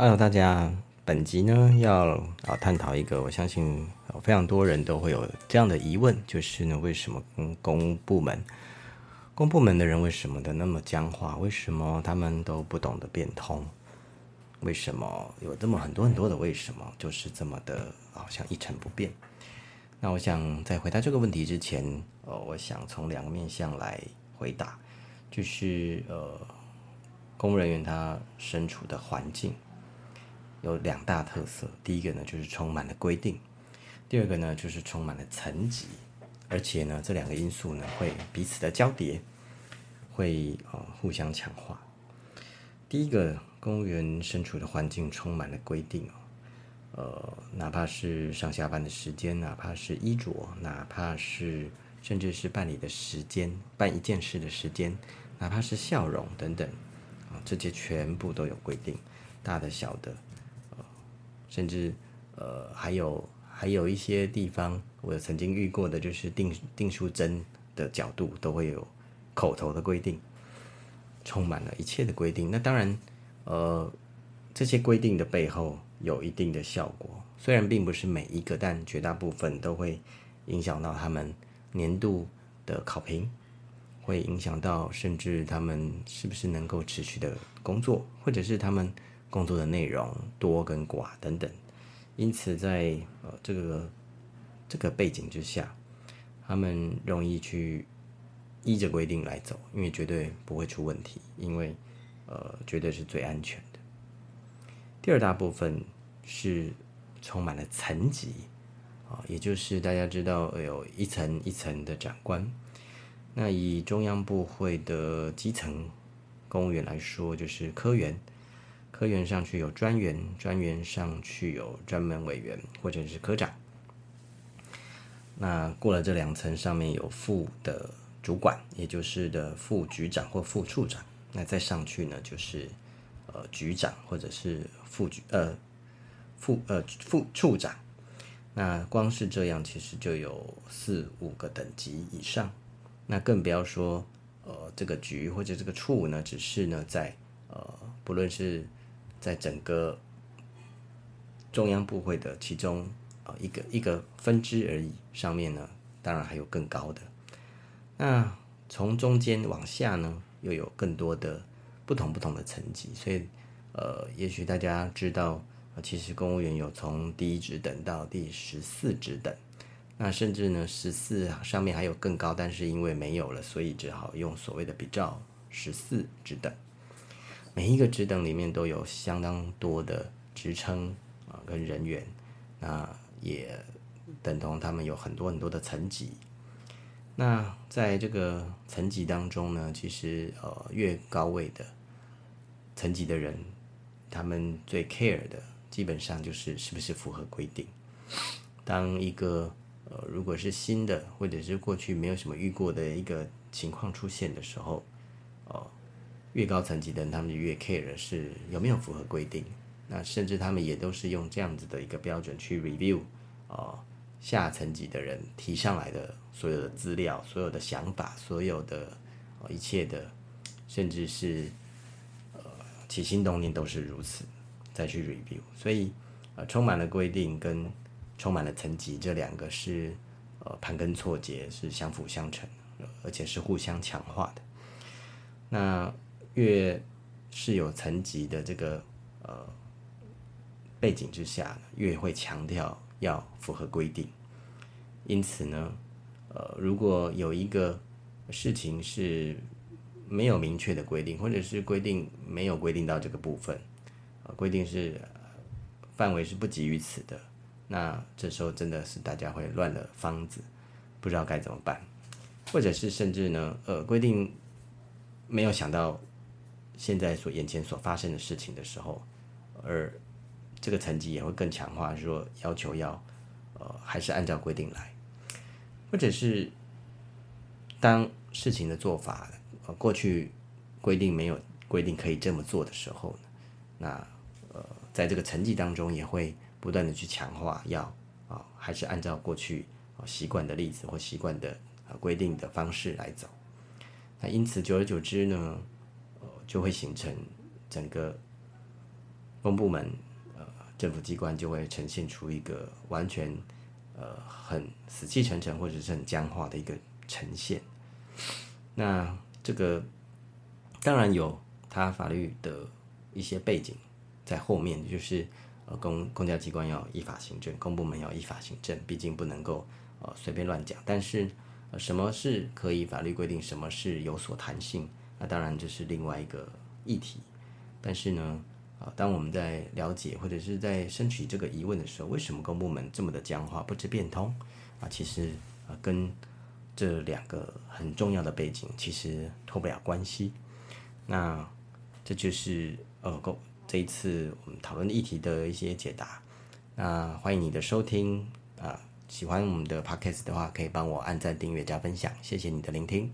Hello，、啊、大家。本集呢要啊探討一個，我相信、啊、非常多人都會有這樣的疑問，就是呢，為什麼、嗯、公部門、公部門的人為什麼的那麼僵化？為什麼他們都不懂得變通？為什麼有這麼很多很多的為什麼？就是這麼的好、啊、像一成不變。那我想在回答這個問題之前，呃，我想從兩個面向來回答，就是呃，公務人員他身處的環境，有兩大特色，第一個呢就是充滿了規定，第二個呢就是充滿了層級，而且呢這兩個因素呢會彼此的交疊，會呃互相強化。第一個公務員身處的環境充滿了規定哦，呃哪怕是上下班的時間，哪怕是衣着，哪怕是甚至是辦理的時間，辦一件事的時間，哪怕是笑容等等啊，呃，這些全部都有規定，大的小的。甚至，呃，還有還有一些地方，我曾經遇過的，就是訂訂書針的角度都會有口頭的規定，充滿了一切的規定。那當然，呃，這些規定的背後有一定的效果，雖然並不是每一個，但絕大部分都會影響到他們年度的考評，會影響到甚至他們是不是能夠持續的工作，或者是他們工作的內容多跟寡等等，因此在呃這個這個背景之下，他們容易去依着規定來走，因為絕對不會出問題，因為呃絕對是最安全的。第二大部分是充滿了層級啊，也就是大家知道有一層一層的長官。那以中央部會的基層公務員來說，就是科員。科員上去有專員，專員上去有專門委員或者是科長。那過了這兩層，上面有副的主管，也就是的副局長或副處長。那再上去呢，就是呃局長或者是副局呃副呃副處長。那光是這樣，其實就有四五個等級以上。那更不要說呃這個局或者這個處呢，只是呢在呃不論是。在整個中央部會的其中啊一個一個分支而已，上面呢當然還有更高的。那從中間往下呢，又有更多的不同不同的層級。所以呃，也許大家知道，其實公務員有從第一職等到第十四職等，那甚至呢十四上面還有更高，但是因為沒有了，所以只好用所謂的比照十四職等，每一個職等裡面都有相當多的職稱啊、呃，跟人員，那也等同他們有很多很多的層級。那在這個層級當中呢，其實呃，越高位的層級的人，他們最 care 的基本上就是是不是符合規定。當一個呃，如果是新的或者是過去沒有什麼遇過的一個情況出現的時候，哦、呃。越高層級的人，他們就越 care 是有沒有符合規定。那甚至他們也都是用這樣子的一個標準去 review，哦、呃，下層級的人提上來的所有的資料、所有的想法、所有的、呃、一切的，甚至是呃起心動念都是如此再去 review。所以，呃，充滿了規定跟充滿了層級這兩個是呃盤根錯節，是相輔相成，而且是互相強化的。那。越是有層級的這個呃背景之下，越會強調要符合規定。因此呢，呃，如果有一個事情是沒有明確的規定，或者是規定沒有規定到這個部分，呃，規定是範圍是不及於此的，那這時候真的是大家會亂了方子，不知道該怎麼辦，或者是甚至呢，呃，規定沒有想到現在所眼前所發生的事情的時候，而這個層級也會更強化，說要求要，呃，還是按照規定來，或者是當事情的做法、呃，過去規定沒有規定可以這麼做的時候呢，那呃，在這個層級當中也會不斷的去強化要，要、呃、啊，還是按照過去、呃、習慣的例子或習慣的啊、呃、規定的方式來走，那因此久而久之呢。就會形成，整個公部門，呃，政府機關就會呈現出一個完全，呃，很死氣沉沉或者是很僵化的一個呈現。那這個當然有它法律的一些背景在後面，就是呃公公家機關要依法行政，公部門要依法行政，畢竟不能夠呃隨便亂講。但是，呃，什麼是可以法律規定，什麼是有所彈性？那當然這是另外一個議題，但是呢，啊，當我們在了解或者是在升起這個疑問的時候，為什麼公部門這麼的僵化、不知變通啊？其實啊，跟這兩個很重要的背景其實脫不了關係。那這就是呃，公這一次我們討論議題的一些解答。那歡迎你的收聽啊，喜歡我們的 podcast 的話，可以幫我按讚、訂閱、加分享，謝謝你的聆聽。